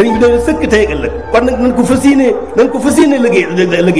sëriñ bi doon sëkk tey ak ëllëg kon nag nañ ko fas yéene nañ ko fas yéene liggéey liggéey